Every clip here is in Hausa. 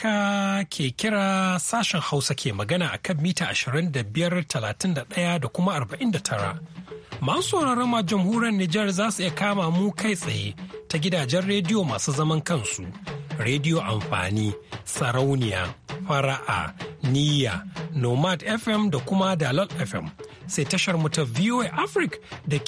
Amurka ke kira sashen Hausa ke magana a kan mita 25,31 da kuma 49. Masu sauraron ma jamhuriyar Nijar za su iya kama mu kai tsaye ta gidajen rediyo masu zaman kansu, rediyo amfani, sarauniya, fara'a, niyya, nomad FM da kuma dalal FM. sai tashar mu ta VOA Africa da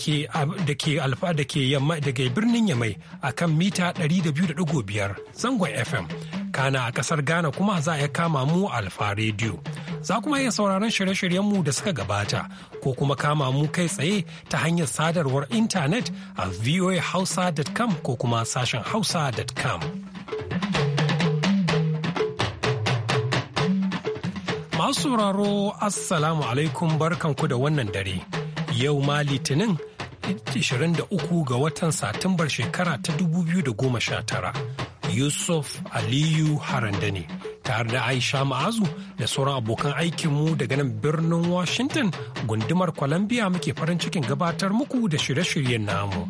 ke alfa da ke birnin Yamai a kan mita 200.5 zangon FM Kana a kasar Ghana kuma za a kama mu Alfa Radio. Za kuma iya sauraron shirye-shiryenmu da suka gabata ko kuma kama mu kai tsaye ta hanyar sadarwar intanet a voahausa.com ko kuma sashen hausa.com. Masu sauraro Assalamu alaikum barkanku da wannan dare. Yau ma Litinin 23 ga watan Satumbar shekara ta 2019. Yusuf Aliyu Harandani, ne, tare da Aisha Ma'azu da sauran abokan aikinmu daga nan birnin Washington gundumar Columbia muke farin cikin gabatar muku da shirye-shiryen namu.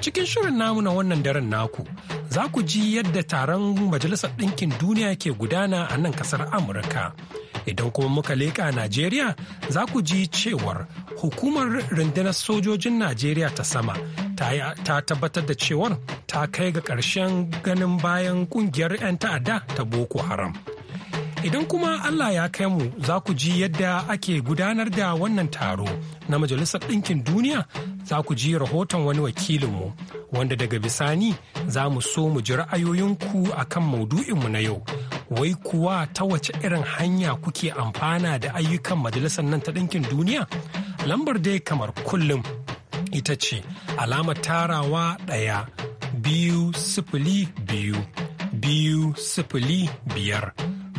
Cikin shirin namu na wannan daren naku, za ku ji yadda taron Majalisar Ɗinkin Duniya ke gudana a nan ƙasar Amurka. idan kuma muka leƙa Najeriya za ku ji cewar hukumar rundunar sojojin Najeriya ta sama ta tabbatar da cewar ta kai ga ƙarshen ganin bayan ƙungiyar 'yan ta'adda ta boko haram idan kuma allah ya kai mu za ku ji yadda ake gudanar da wannan taro na majalisar ɗinkin duniya za ku ji rahoton wani wakilinmu wanda daga bisani za mu so mu ji ra'ayoyinku a kan mu na yau wai kuwa ta wace irin hanya kuke amfana da ayyukan majalisar nan ta ɗinkin duniya lambar dai kamar kullum ita ce alamar tarawa ɗaya biyu sifili biyu biyu sifili biyar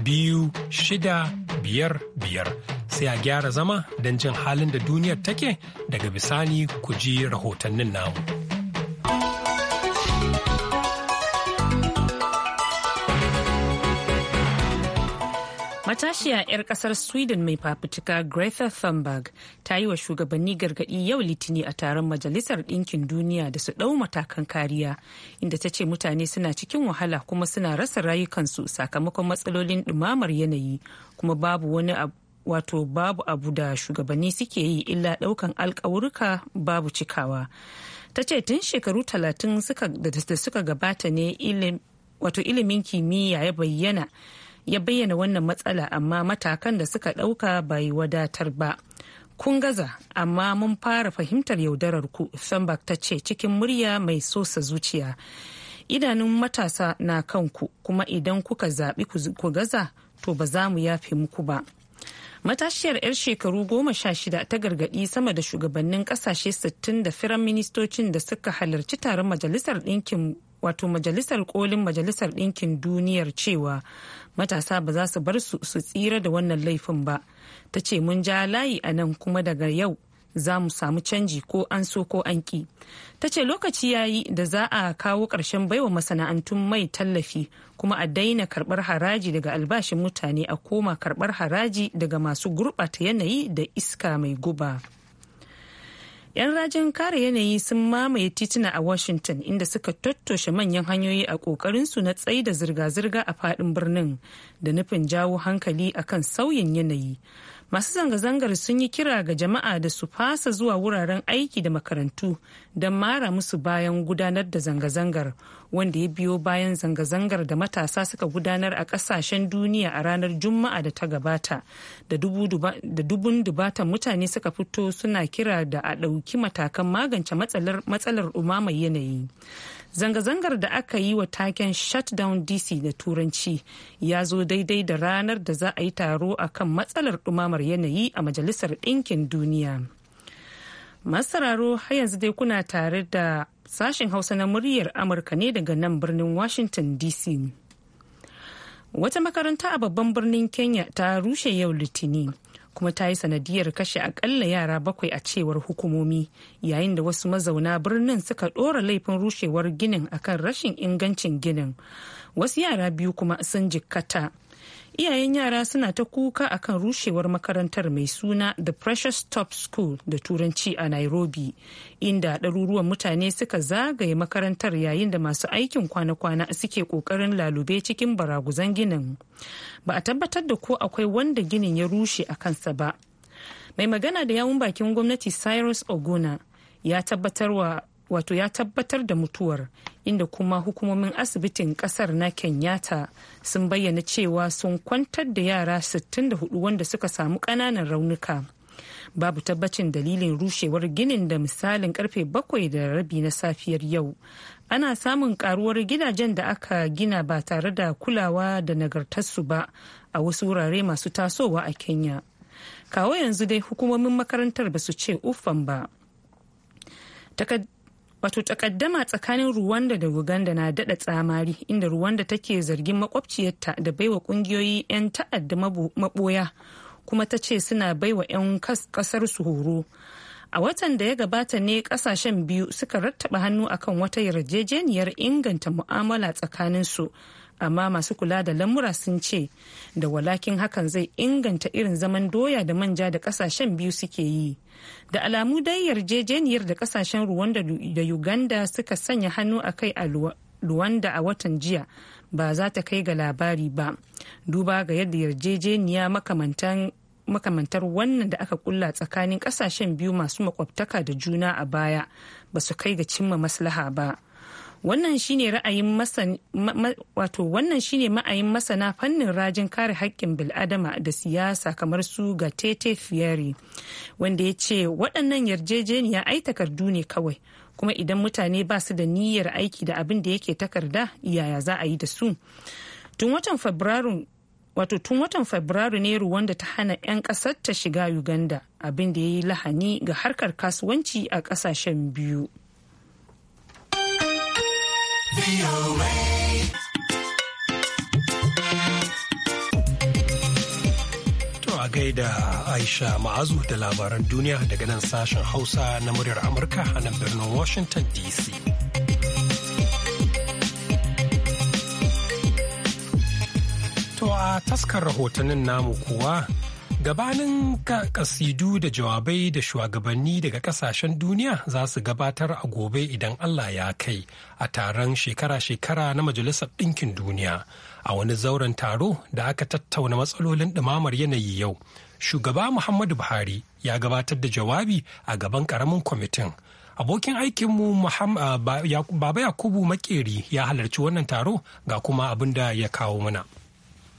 biyu shida biyar biyar sai a gyara zama don jin halin da duniyar take daga bisani ku ji rahotannin namu. Matashiya 'yar kasar Sweden mai fafutuka Greta Thunberg ta yi wa shugabanni gargaɗi yau litini a taron Majalisar Ɗinkin Duniya da su ɗau matakan kariya, inda ta ce mutane suna cikin wahala kuma suna rasa rayukansu sakamakon matsalolin ɗumamar yanayi kuma babu wani wato babu abu da shugabanni suke yi illa ɗaukan alkawurka babu cikawa. Ta ce tun shekaru talatin da suka gabata ne wato ilimin kimiyya ya bayyana ya bayyana wannan matsala amma matakan da suka ɗauka bai wadatar ba. Kun gaza, amma mun fara fahimtar yaudarar ku, Fembak ta ce cikin murya mai sosa zuciya. Idanun matasa na kanku, kuma idan kuka zaɓi ku gaza, to ba za mu yafe muku ba. matashiyar 'yar shekaru goma sha shida ta gargaɗi sama da shugabannin ƙasashe sittin da firan ministocin da suka halarci taron majalisar ɗinkin wato majalisar kolin majalisar ɗinkin duniyar cewa matasa ba za su bar su su tsira da wannan laifin ba ta ce mun ja layi a nan kuma daga yau za mu samu canji ko an so ko an ki ta ce lokaci ya yi da za a kawo ƙarshen baiwa masana'antun mai tallafi kuma a daina karɓar haraji daga albashin mutane a koma karɓar haraji daga masu gurɓata yanayi da iska mai guba. 'yan rajin kare yanayi sun mamaye tituna a washington inda suka tattoshe manyan hanyoyi a ƙoƙarinsu na tsayi da zirga-zirga a faɗin birnin da nufin jawo hankali akan sauyin yanayi masu zanga-zangar sun yi kira ga jama'a da su fasa zuwa wuraren aiki da makarantu don mara musu bayan gudanar da zanga-zangar wanda ya biyo bayan zanga-zangar da matasa suka gudanar a kasashen duniya a ranar juma'a da ta gabata da dubun dubatan mutane suka fito suna kira da a ɗauki matakan magance matsalar umamar yanayi zanga-zangar da aka yi wa taken shutdown dc da turanci ya zo daidai da ranar da za a yi taro a kan matsalar ɗumamar yanayi a majalisar ɗinkin duniya masararo har yanzu dai kuna tare da sashen hausa na muryar amurka ne daga nan birnin washington dc wata makaranta a babban birnin kenya ta rushe yau litini kuma ta yi sanadiyar kashe akalla yara bakwai a cewar hukumomi yayin da wasu mazauna birnin suka ɗora laifin rushewar ginin akan rashin ingancin ginin wasu yara biyu kuma sun jikkata iyayen yara suna ta kuka akan rushewar makarantar mai suna the precious top school da turanci a nairobi inda ɗaruruwan mutane suka zagaye makarantar yayin da masu aikin kwana-kwana suke ƙoƙarin lalube cikin baraguzan ginin ba a tabbatar da ko akwai wanda ginin ya rushe a kansa ba mai magana da yawun bakin gwamnati cyrus oguna ya tabbatarwa wato ya tabbatar da mutuwar inda kuma hukumomin asibitin kasar na kenyatta sun bayyana cewa sun kwantar da yara 64 wanda suka samu ƙananan raunuka babu tabbacin dalilin rushewar ginin da misalin karfe bakwai da rabi na safiyar yau ana samun karuwar gidajen da aka gina ba tare da kulawa da nagartarsu ba a wasu wurare masu tasowa a kenya kawo yanzu dai hukumomin makarantar ba su ce uffan ba wato takaddama tsakanin ruwanda da uganda na dada tsamari inda ruwanda take zargin makwabciyarta da baiwa kungiyoyi 'yan ta'adda maboya kuma ta ce suna baiwa 'yan kasar su horo a watan da ya gabata ne kasashen biyu suka rattaba hannu akan wata yarjejeniyar inganta mu'amala tsakaninsu su amma masu kula da lamura sun ce da walakin hakan zai inganta irin zaman doya da manja da kasashen biyu suke yi da alamu dai yarjejeniyar da kasashen ruwanda da uganda suka sanya hannu a kai a luwanda a watan jiya ba za ta kai ga labari ba duba ga yadda yarjejeniya makamantan makamantar wannan da aka kulla tsakanin kasashen biyu masu makwabtaka da juna a baya ba su kai ga cimma maslaha ba wannan shine ra'ayin ma'ayin masana fannin rajin kare haƙƙin bil'adama da siyasa kamar su ga tete fiyari wanda ya ce waɗannan yarjejeniya ai takardu ne kawai kuma idan mutane ba su da niyyar aiki da abin da yake takarda yaya za a yi da su wato tun watan fabrairu ne ruwanda ta hana 'yan ƙasar ta shiga uganda abin da ya yi lahani ga harkar kasuwanci a ƙasashen biyu To a gaida Aisha Ma'azu da labaran duniya daga nan sashen Hausa na muryar Amurka a nan birnin Washington DC. To a taskar rahotannin namu kuwa gabanin kasidu da jawabai da shugabanni daga kasashen duniya za su gabatar a gobe idan allah ya kai a taron shekara-shekara na majalisar ɗinkin duniya a wani zauren taro da aka tattauna matsalolin ɗumamar yanayi yau shugaba muhammadu buhari ya gabatar da jawabi a gaban ƙaramin kwamitin abokin aikinmu baba yakubu makeri ya halarci wannan taro ga kuma abin da ya kawo mana.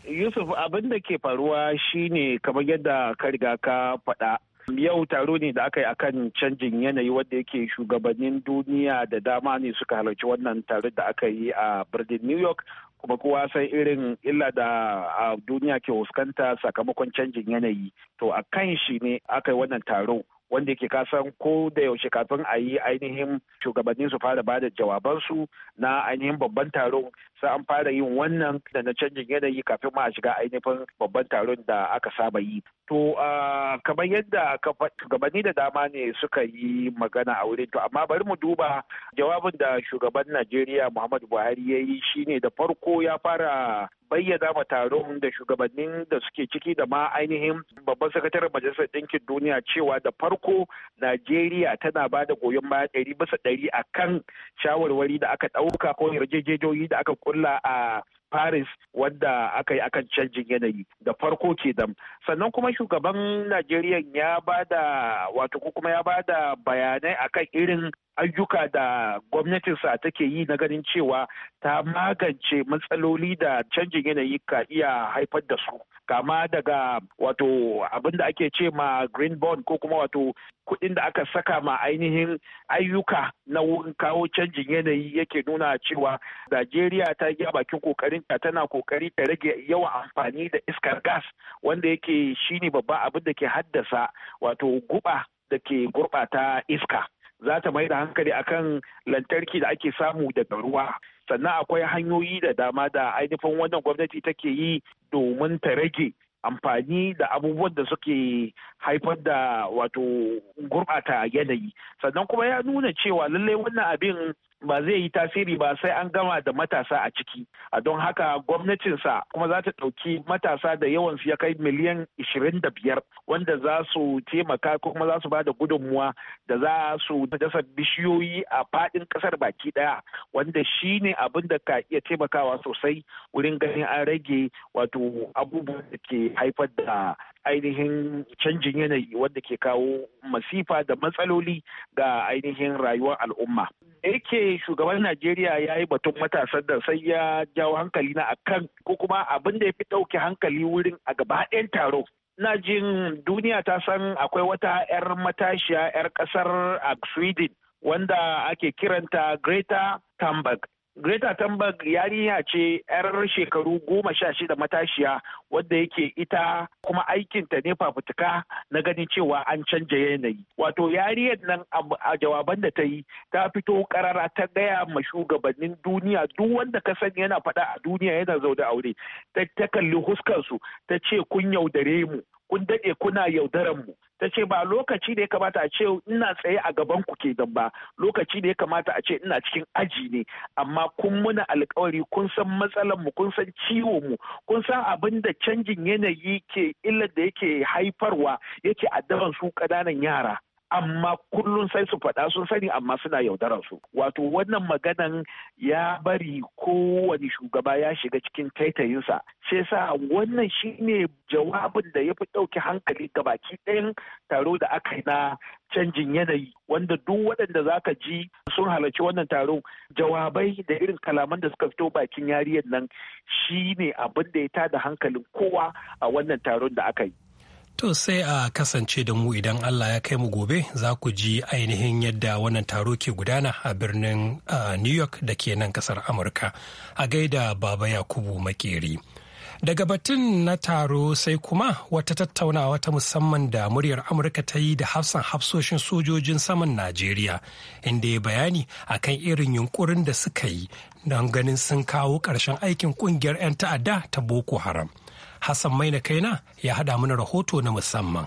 Yusuf abin da ke faruwa shine kamar yadda ka riga ka faɗa. Yau taro ne da aka yi akan canjin yanayi wanda yake shugabannin duniya da dama ne suka halarci wannan taron da aka yi a birnin New York kuma kowa san irin illa da a duniya ke fuskanta sakamakon canjin yanayi. To a kan shi ne aka yi wannan taro. wanda yake kasan ko da yaushe kafin a yi ainihin shugabannin su fara bada jawabansu na ainihin babban taron sai an fara yin wannan da na canjin yanayi kafin ma a shiga ainihin babban taron da aka saba yi. To kamar yadda shugabanni da dama ne suka yi magana a wurin to amma bari mu duba jawabin da shugaban Najeriya Muhammadu Buhari ya yi shine da farko ya fara bayyana ma taron da shugabannin da suke ciki da ma ainihin babban sakataren majalisar ɗinkin duniya cewa da farko najeriya tana ba da goyon baya ɗari bisa ɗari akan shawarwari da aka ɗauka ko yarjejeniyoyi da aka kulla a Paris wadda aka yi akan canjin yanayi da farko ke dam. Sannan kuma shugaban Najeriya ya ba da wato ko kuma ya ba da bayanai akan irin ayyuka da gwamnatinsa take yi na ganin cewa ta magance matsaloli da canjin yanayi ka iya haifar da su. kama daga wato abin da ake ce ma green bond ko kuma wato kuɗin da aka saka ma ainihin ayyuka na wurin kawo canjin yanayi yake nuna cewa Najeriya ta yi bakin kokarin ta tana kokari ta rage yawan amfani da iskar gas wanda yake shine babban abin da ke haddasa wato guba da ke gurɓata iska. Za ta mai da hankali akan lantarki da ake samu daga ruwa. sannan akwai hanyoyi da dama da ainihin wannan gwamnati take yi domin ta rage amfani da abubuwan da suke haifar da wato gurɓata yanayi sannan kuma ya nuna cewa lallai wannan abin ba zai yi tasiri ba sai an gama da matasa a ciki a don haka gwamnatinsa kuma za ta ɗauki matasa da yawansu ya kai miliyan 25 wanda za su taimaka kuma za su ba da gudunmuwa da za su dasa bishiyoyi a faɗin ƙasar baki ɗaya wanda shi ne abin da ka iya taimakawa sosai wurin ganin an rage wato abubuwan da ke haifar da ainihin canjin yanayi wanda ke kawo masifa da matsaloli ga ainihin rayuwar al'umma. Yake ce shugaban Najeriya ya yi batun matasan da sai ya jawo hankali na akan ko kuma abin da ya fi ɗauke hankali wurin a gaba ɗayan taro. Na jin duniya ta san akwai wata 'yar matashiya 'yar ƙasar a ah, Sweden wanda ake kiranta Greta Thunberg. Greta Thunberg yarinya ce 'yar shekaru goma sha shida matashiya wadda yake ita kuma aikinta ne fafutuka na ganin cewa an canja yanayi. Wato yariyar nan a jawaban da ta yi ta fito karara ta gaya ma shugabannin duniya duk wanda ka sani yana faɗa a duniya yana zaune aure. Ta kalli huskarsu ta ce kun yaudare mu kun daɗe kuna yaudaran mu ta ce ba lokaci da ya kamata a ce ina tsaye a gaban ku ke ba lokaci da ya kamata a ce ina cikin aji ne amma kun muna alkawari kun san matsalar mu kun san ciwo mu kun san abin da canjin yanayi ke illar da yake haifarwa yake addaban su ƙananan yara amma kullum sai su faɗa sun sani amma suna yaudarar su wato wannan maganan ya bari kowane shugaba ya shiga cikin taitayinsa sai sa wannan shine jawabin da ya fi ɗauki hankali ga baki ɗayan taro da aka yi na canjin yanayi wanda duk waɗanda za ka ji sun halarci wannan taro jawabai da irin kalaman da suka fito bakin yariyar nan shine abin da ya tada hankalin kowa a wannan taron da aka yi To sai a kasance da mu idan Allah ya kai mu gobe za ku ji ainihin yadda wannan taro ke gudana a birnin New York da ke nan kasar Amurka a gaida Baba Yakubu Makeri. Daga batun na taro sai kuma wata tattaunawa ta musamman da muryar Amurka ta yi da hafsan hafsoshin sojojin saman Najeriya inda ya bayani akan irin yunkurin da suka yi don ganin sun kawo ƙarshen aikin ƙungiyar 'yan ta'adda ta Boko Haram. Hassan mai Maina Kaina ya hada mana rahoto na musamman.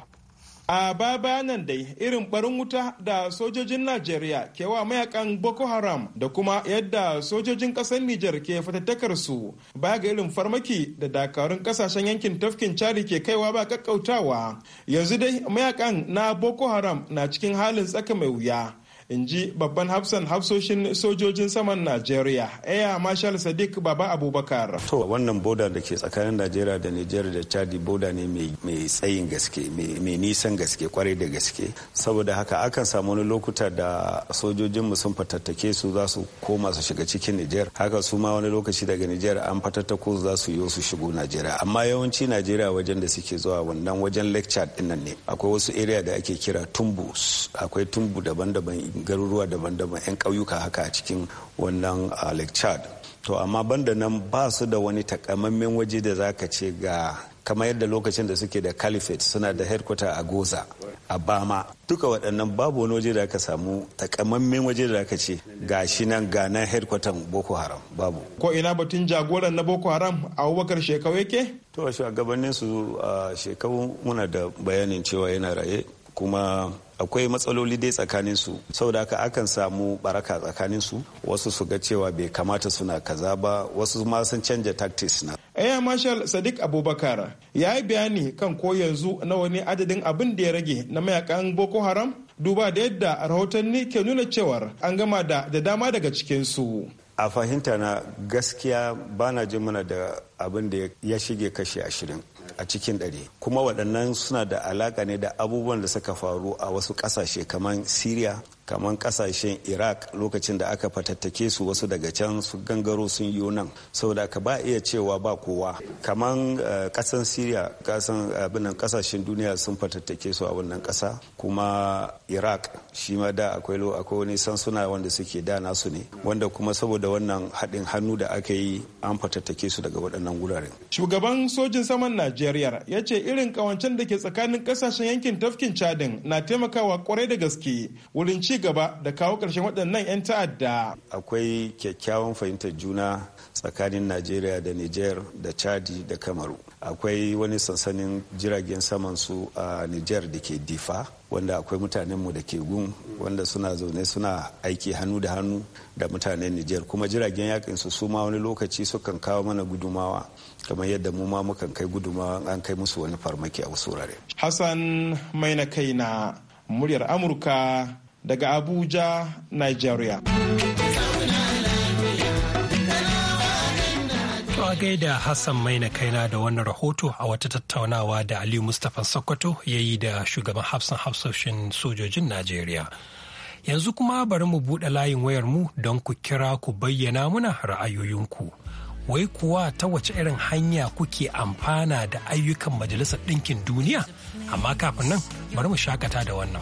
A baba nan dai irin barin wuta da sojojin Najeriya ke wa mayakan Boko Haram da kuma yadda sojojin ƙasar Nijar ke fatattakar su baya ga irin farmaki da dakarun ƙasashen yankin tafkin cari ke kaiwa ba kakkautawa. Yanzu dai mayakan na Boko Haram na cikin halin tsaka mai wuya. in ji babban hafsan hafsoshin sojojin saman najeriya air marshal sadiq baba abubakar to wannan boda da ke tsakanin najeriya da nijar da chadi boda ne mai tsayin gaske mai nisan gaske kwarai da gaske saboda haka akan samu wani lokuta da sojojin mu sun fatattake su za su koma su shiga cikin niger. haka su ma wani lokaci daga niger an fatattako su za su yi su shigo najeriya amma yawanci najeriya wajen da suke zuwa wannan wajen lecture dinnan ne akwai wasu area da ake kira tumbus akwai tumbu daban-daban garuruwa daban-daban 'yan kauyuka haka a cikin wannan lake chad to amma banda nan ba su da wani takamammen waje da za ka ce ga kamar yadda lokacin da suke da caliphate suna da headquarter a goza a bama duka waɗannan babu wani waje da aka samu takamammen waje da aka ce ga shi nan ga nan headquarter boko haram babu ko ina batun jagoran na boko haram a wakar shekau yake to a shugabannin su shekau muna da bayanin cewa yana raye kuma akwai matsaloli dai tsakanin su saboda haka akan samu baraka tsakanin su wasu su ga cewa bai kamata suna kaza ba wasu ma sun canja tactics na Air eh, Marshal Sadiq Abubakar ya yi bayani kan ko yanzu na wani adadin abin da ya rage na mayakan Boko Haram duba da yadda rahotanni ke nuna cewar an gama da da dama daga cikin su A fahimta na gaskiya bana jin mana da abin da ya shige kashi ashirin. a cikin ɗari kuma waɗannan suna da alaƙa ne da abubuwan da suka faru a wasu ƙasashe kamar syria kamar kasashen iraq lokacin da aka fatattake su wasu daga can su gangaro sun yi nan saboda ka ba iya cewa ba kowa kamar eh, kasan syria kasan eh, abinan kasashen duniya sun fatattake su a wannan kasa kuma iraq shi ma da akwai lo akwai wani sansuna wanda suke da nasu ne wanda kuma saboda wannan haɗin hannu da aka yi an fatattake su daga waɗannan wuraren shugaban sojin saman najeriya ya ce irin kawancen da ke tsakanin kasashen yankin tafkin chadin na taimakawa kwarai da gaske wurin ci gaba da kawo ƙarshen waɗannan 'yan ta'adda. Akwai kyakkyawan fahimtar juna tsakanin Najeriya da niger da Chadi da Kamaru. Akwai wani sansanin jiragen saman su a niger da ke Difa wanda akwai mutanenmu da ke gun wanda suna zaune suna aiki hannu da hannu da mutanen niger kuma jiragen yakin su su ma wani lokaci sukan kawo mana gudumawa kamar yadda mu ma mukan kai gudumawa an kai musu wani farmaki a wasu wurare. Hassan mai na kai na muryar Amurka daga Abuja, Nigeria. a gaida Hassan Maina kaina da wannan rahoto a wata tattaunawa da ali Mustapha Sokoto ya yi da shugaban hafsan hafsoshin sojojin Najeriya. Yanzu kuma bari mu buɗe layin wayar mu don ku kira ku bayyana muna ra'ayoyinku. Wai kuwa ta wace irin hanya kuke amfana da ayyukan Majalisar Ɗinkin Duniya? Amma kafin nan bari mu shakata da wannan.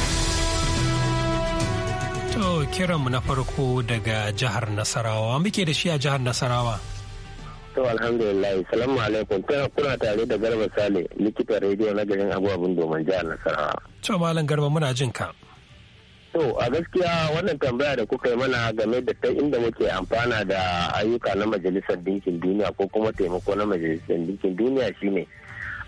kiranmu na farko daga jihar Nasarawa. Muke da shi a jihar Nasarawa. To alhamdulillah, salamu alaikum. Kuna tare da Garba Sale, likita rediyo na garin abubuwan domin jihar Nasarawa. To Malam Garba muna jin ka. To a gaskiya wannan tambaya da kuka yi mana game da ta inda muke amfana da ayyuka na Majalisar Dinkin Duniya ko kuma taimako na Majalisar Dinkin Duniya shine. ne.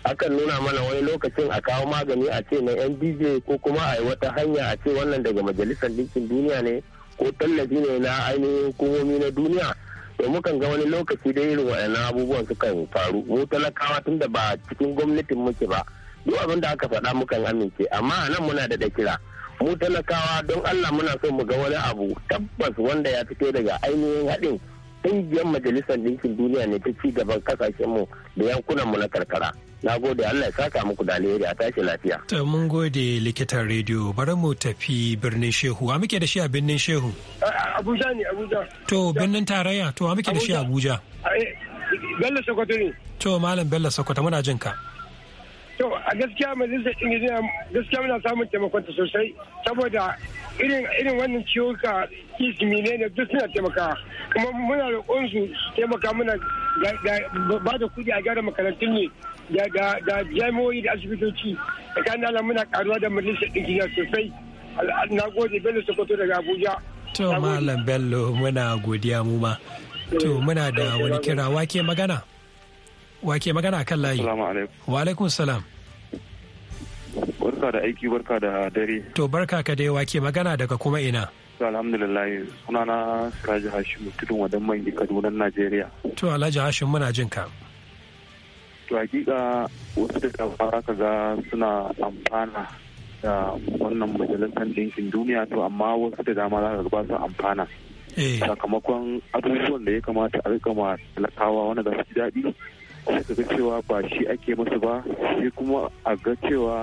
akan nuna mana wani lokacin a kawo magani a ce na ndj ko kuma a yi wata hanya a ce wannan daga majalisar ɗinkin duniya ne ko tallafi ne na ainihin hukumomi na duniya to mukan ga wani lokaci da irin waɗannan abubuwan sukan faru mu talakawa tun da ba cikin gwamnatin muke ba duk abin da aka faɗa mukan amince amma a nan muna da kira mu talakawa don allah muna so mu ga wani abu tabbas wanda ya fito daga ainihin haɗin ƙungiyar majalisar ɗinkin duniya ne ta ci gaban kasashenmu da yankunanmu na karkara. na gode allah ya saka muku da alheri a tashi lafiya to mun gode likitan rediyo bari mu tafi birnin shehu a muke da shi a birnin shehu abuja ne abuja to birnin tarayya to a muke da shi a abuja eh, bello sokoto ne to malam bello sokoto muna jin ka to a gaskiya majalisar injiniya gaskiya muna samun taimakon ta sosai saboda irin irin wannan ka ismi ne ne duk suna taimaka kuma muna roƙon su taimaka muna ba da kudi a gyara makarantun ne da jami'o'i da asibitoci da kayan muna karuwa da majalisar injiniya sosai na gode bello sokoto daga abuja to malam bello muna godiya mu ma to muna da wani kira wake magana wa ke magana kan layi wa alaikum salam barka da aiki barka da dare to barka ka dai wa ke magana daga kuma ina alhamdulillah sunana siraji hashim tudun wadan mangi kaduna najeriya to alhaji hashim muna jin ka to hakika wasu da kafara ka ga suna amfana da wannan majalisar ɗinkin duniya to amma wasu da dama za ka ba su amfana eh. sakamakon abubuwan da ya kamata a rika ma talakawa wani za su daɗi sai ga cewa ba shi ake masu ba sai kuma a ga cewa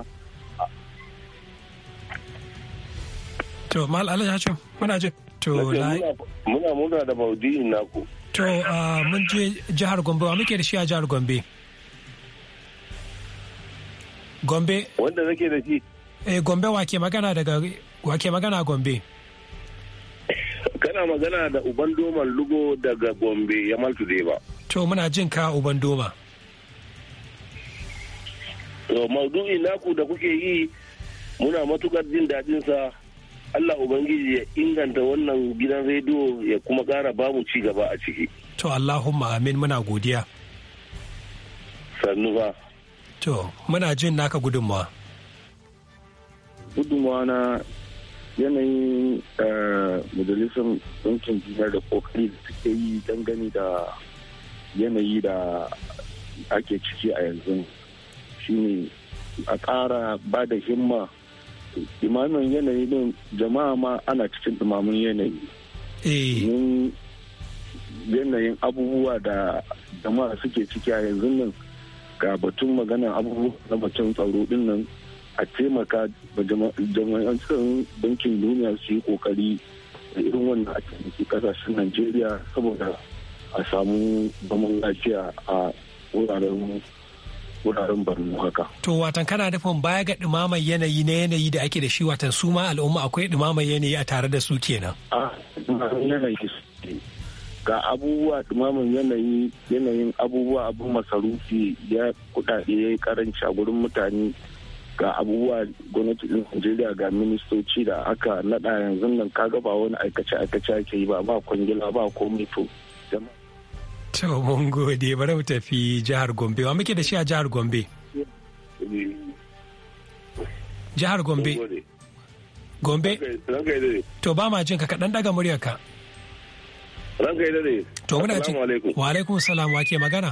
to mal ce muna je to muna muna da na ku to mun je jihar gombe wa muke da shi a jihar gombe gombe wanda nake da shi eh gombe wa ke magana daga wa ke magana gombe kana magana da uban doman lugo daga gombe ya maltu ba to muna jin ka uban doma to maudu'i naku da kuke yi muna matukar jin daɗinsa Allah Ubangiji ya inganta wannan gidan rediyo ya kuma ƙara bamu ci gaba a ciki. To Allahumma amin muna godiya. Sannu ba. To muna jin naka gudunmawa. Gudunmawa na yanayin eh, majalisar ɗinkin duniya da ƙoƙari da suke yi dangane da yanayi da ake ciki a yanzu shine a ƙara ba da himma imamin yanayi din jama'a ma ana cikin imamin yanayi yin eh. yanayin abubuwa da jama'a suke ciki a yanzu nan ga batun magana abubuwa na batun tsaro din nan a taimaka ba jama'an bankin duniya su yi kokari irin wannan a cikin kasashen najeriya saboda a samu zaman lafiya a wuraren wuraren barno haka. To watan kana nufin baya ga ɗumamar yanayi na yanayi da ake da shi watan su al'umma akwai ɗumamar yanayi a tare da su kenan. A ɗumamar yanayi ga abubuwa ɗumamar yanayi yanayin abubuwa abu masarufi ya kuɗaɗe ya yi karanci a gurin mutane ga abubuwa gwamnati din Najeriya ga ministoci da aka naɗa yanzu nan kaga ba wani aikace-aikace ake yi ba ba kwangila ba komai to. To mun gode bari mu tafi jihar Gombe. Wa muke da shi a jihar Gombe? Jihar Gombe. Gombe? To ba ma jin ka kaɗan daga muryarka. Ranka yi dare. To muna jin. Wa alaikum salam wa ke magana?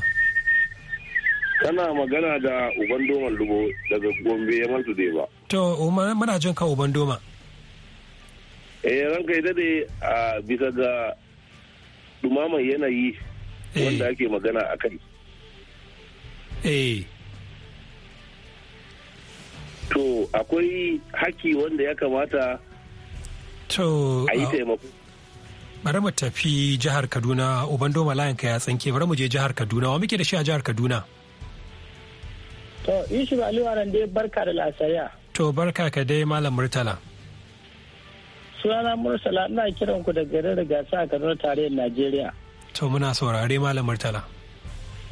Kana magana da Uban Doma Lubo daga Gombe ya mantu dai ba. To muna jin ka Uban Doma. Eh ranka yi dare a bisa ga dumaman yanayi Eh. wanda ake magana a kai eh. to akwai haki wanda ya kamata to a yi taimako bari mu tafi jihar kaduna ubandoma layanka ya tsanke bari mu je jihar kaduna wa muke da shi a jihar kaduna to yusuf aliwaran dai barka da lasariya to barka ka dai malam murtala sunana murtala ina kiran ku da garin rigasa a kaduna tarayyar najeriya To muna saurare Malam Murtala.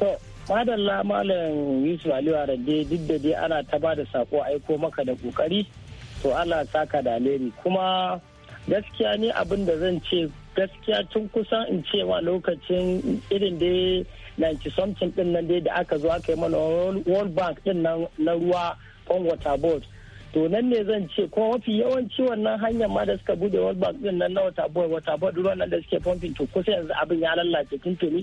To, madalla Malam Yusuf Aliyu Arande duk da dai ana ta ba da sako aiko maka da kokari to Allah saka da alheri kuma gaskiya ne abin da zan ce gaskiya tun kusan in cewa lokacin irin da 90 something din nan dai da aka zo aka yi mana world bank din na ruwa on water board to nan ne zan ce ko mafi yawanci wannan hanyar ma da suka bude world bank din nan na wata boy wata boy ruwan nan da suke pumping to kusa yanzu abin ya lallace tuntuni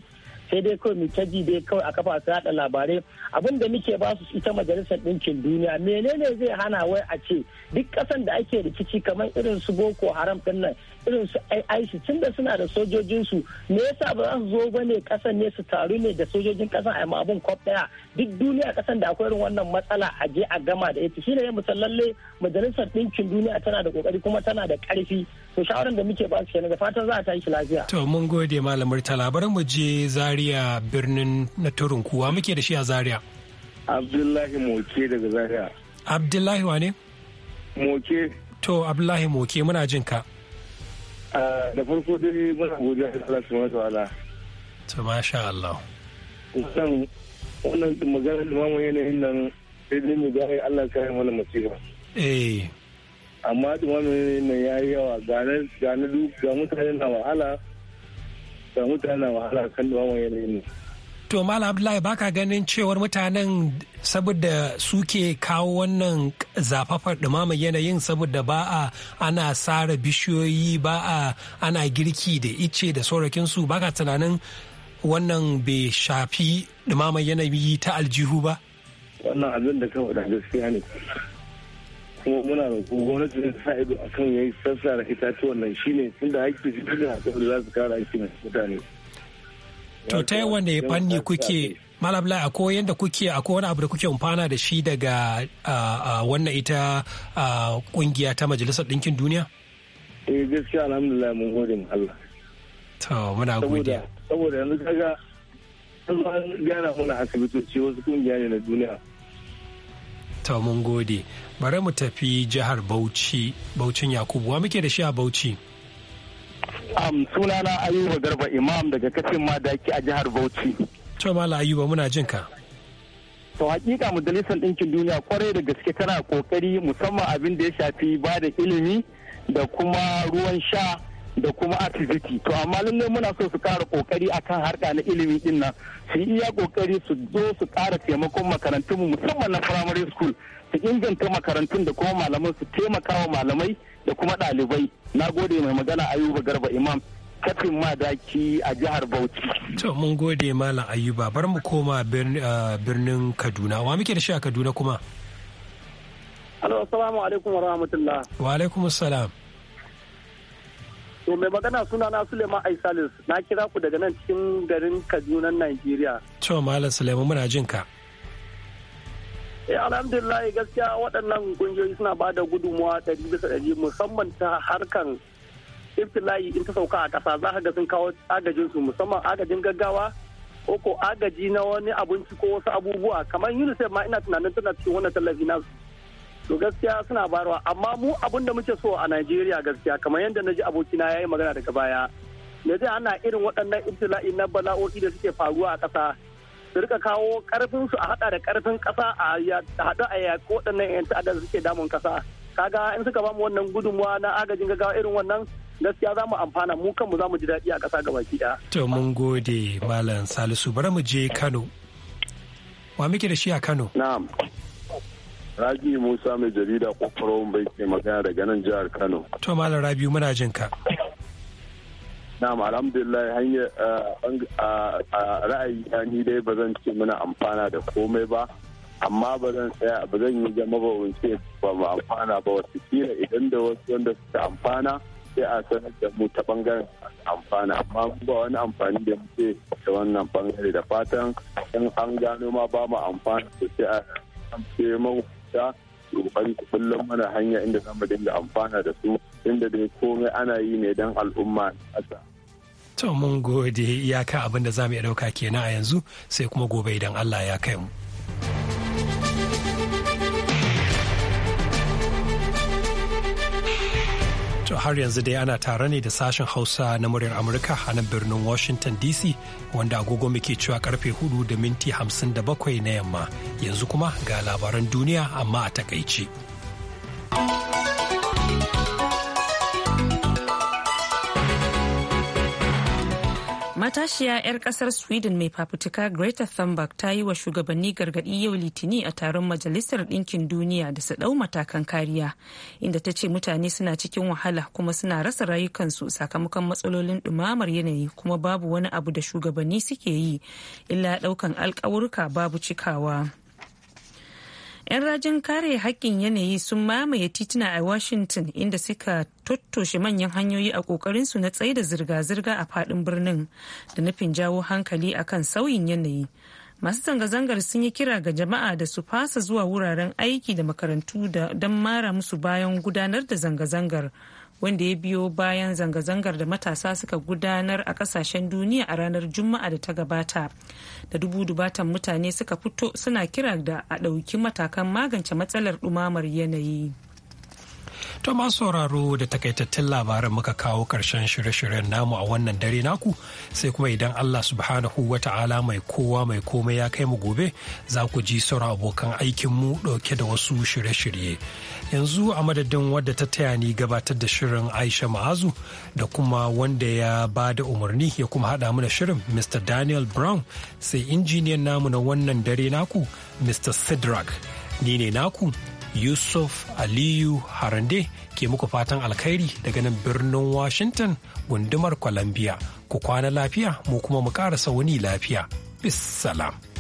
sai dai kawai mu kaji dai kawai a kafa su yada labarai abin da muke ba su ita majalisar ɗinkin duniya menene zai hana wai a ce duk ƙasan da ake rikici kamar irin su boko haram din nan irin su AIC tun da suna da sojojinsu me yasa ba za su zo ba ne kasan ne su taru ne da sojojin kasan a ma abun kwaf daya duk duniya kasan da akwai irin wannan matsala a je a gama da ita shine mu lalle majalisar ɗinkin duniya tana da kokari kuma tana da ƙarfi to shawaran da muke ba su kenan da fatan za a tashi lafiya to mun gode malamar ta mu je zaria birnin na turin kuwa muke da shi a zaria abdullahi moke daga zaria abdullahi wane moke to abdullahi moke muna jin ka da farko dai muna godiya da Allah subhanahu wataala to masha Allah wannan wannan magana da mamu yanayin nan sai dai mu gaya Allah kai mana musiba eh amma da mamu yanayin nan yayi yawa ga nan ga nan duk ga mutane na wahala ga mutane na wahala kan da mamu yanayin nan to malam abdullahi baka ganin cewar mutanen saboda suke kawo wannan zafafar ɗumamar yanayin saboda ba a ana sara bishiyoyi ba a ana girki da ice da saurakinsu baka tunanin wannan bai shafi ɗumamar yanayi ta aljihu ba wannan abin da kawo da gaskiya ne kuma muna roƙo gwamnati ta sa ido akan sassa sassara itatuwan nan shine tunda ake cikin a da za su kara aikin mutane to ta ya fanni kuke malam lai akwai yadda kuke akwai wani abu da kuke umfana da shi daga wannan ita kungiya ta majalisar ɗinkin duniya eh gaskiya alhamdulillah mun gode mu Allah to muna godiya saboda yanzu kaga an gana muna asibitoci wasu kungiya ne na duniya to mun gode bari mu tafi jihar Bauchi Bauchin Yakubu wa muke da shi a Bauchi Um, sunana Ayuba Garba Imam daga kafin madaki a jihar Bauchi. To Mala Ayuba muna jin ka. To hakika majalisar ɗinkin duniya kwarai da gaske tana kokari musamman abin da ya shafi ba da ilimi da kuma ruwan sha da kuma activity to amma lallai muna so su kara kokari akan harka na ilimi din nan su yi iya kokari su zo su kara taimakon makarantunmu musamman na primary school su inganta makarantun da kuma malaman su taimakawa malamai da kuma ɗalibai na gode mai magana ayuba garba imam kafin madaki a jihar bauchi to mun gode malam ayuba bar mu koma birnin kaduna wa muke da shi a kaduna kuma Alo, assalamu alaikum wa rahmatullah. Wa alaikum assalam. To mai magana suna na Suleiman Aisalis, na kira ku daga nan cikin garin Kaduna, Najeriya. To Malam Suleiman muna jin ka. Eh alhamdulillah gaskiya waɗannan kungiyoyi suna ba da gudunmuwa ɗari bisa ɗari musamman ta harkan iftila'i in ta sauka a ƙasa za ka ga sun kawo agajinsu musamman agajin gaggawa ko ko agaji na wani abinci ko wasu abubuwa kamar unicef ma ina tunanin tana cikin wannan tallafi nasu to gaskiya suna barwa amma mu abin da muke so a najeriya gaskiya kamar yadda na ji abokina ya yi magana daga baya me zai ana irin waɗannan iftila'i na bala'o'i da suke faruwa a ƙasa su rika kawo karfin su a hada da karfin kasa a hadu a yaƙi waɗannan 'yan ta'adda suke damun kasa kaga in suka bamu wannan gudunmawa na agajin gaggawa irin wannan gaskiya za mu amfana mu kanmu za mu ji daɗi a ƙasa gabaki ɗaya. to mun gode malam salisu bari mu je kano wa muke da shi a kano. na'am rabi musa mai jarida kofaron bai ke magana daga nan jihar kano. to malam rabi muna jin ka. Na'am alhamdulillah hanyar ra'ayi ni dai ba zan ce muna amfana da komai ba amma ba zan tsaya ba zan yi zama ba wance ba mu amfana ba wasu kila idan da wasu wanda suka amfana sai a sanar da mu ta bangaren amfana amma ba wani amfani da muke da wannan bangare da fatan in an gano ma ba mu amfana to sai a amfani mahuta kokari kullum mana hanya inda zamu dinga amfana da su inda dai komai ana yi ne dan al'umma a ƙasa. to mun gode iyaka abin da za mu iya ɗauka kenan a yanzu sai kuma gobe idan allah ya kai mu To har yanzu dai ana tare ne da sashen Hausa na muryar Amurka a nan birnin Washington DC wanda agogo muke cewa karfe hudu da minti hamsin da bakwai na yamma. Yanzu kuma ga labaran duniya amma a takaici. matashiya 'yar kasar sweden mai fafutuka greta thunberg ta yi wa shugabanni gargadi yau litini a taron majalisar ɗinkin duniya da su ɗau matakan kariya inda ta ce mutane suna cikin wahala kuma suna rasa rayukansu sakamakon matsalolin ɗumamar yanayi kuma babu wani abu da shugabanni suke yi illa ɗaukan alƙawurka babu cikawa. 'yan rajin kare haƙƙin yanayi sun mamaye tituna a washington inda suka tottoshe manyan hanyoyi a su na tsaida zirga-zirga a faɗin birnin da nufin jawo hankali akan sauyin yanayi masu zanga-zangar sun yi kira ga jama'a da su fasa zuwa wuraren aiki da makarantu don mara musu bayan gudanar da zanga-zangar wanda ya biyo bayan zanga-zangar da matasa suka gudanar a kasashen duniya a ranar juma'a da ta gabata da dubu dubatan mutane suka fito suna kira da a ɗauki matakan magance matsalar ɗumamar yanayi. To masu sauraro da takaitattun labaran muka kawo ƙarshen shirye-shiryen namu a wannan dare naku sai kuma idan Allah subhanahu wa ta'ala mai kowa mai komai ya kai mu gobe za ku ji sauran abokan aikinmu ɗauke da wasu shirye-shirye. Yanzu a madadin wadda ta taya ni gabatar da shirin Aisha Ma'azu da kuma wanda ya ba da umarni ya kuma haɗa mu da shirin Mr. Daniel Brown sai injiniyan namu na wannan dare naku Mr. Sidrak. Ni ne naku Yusuf Aliyu Harande ke muku fatan alkhairi daga nan birnin Washington gundumar Columbia. Ku kwana lafiya mu kuma mu ƙarasa wani lafiya. Bis salam.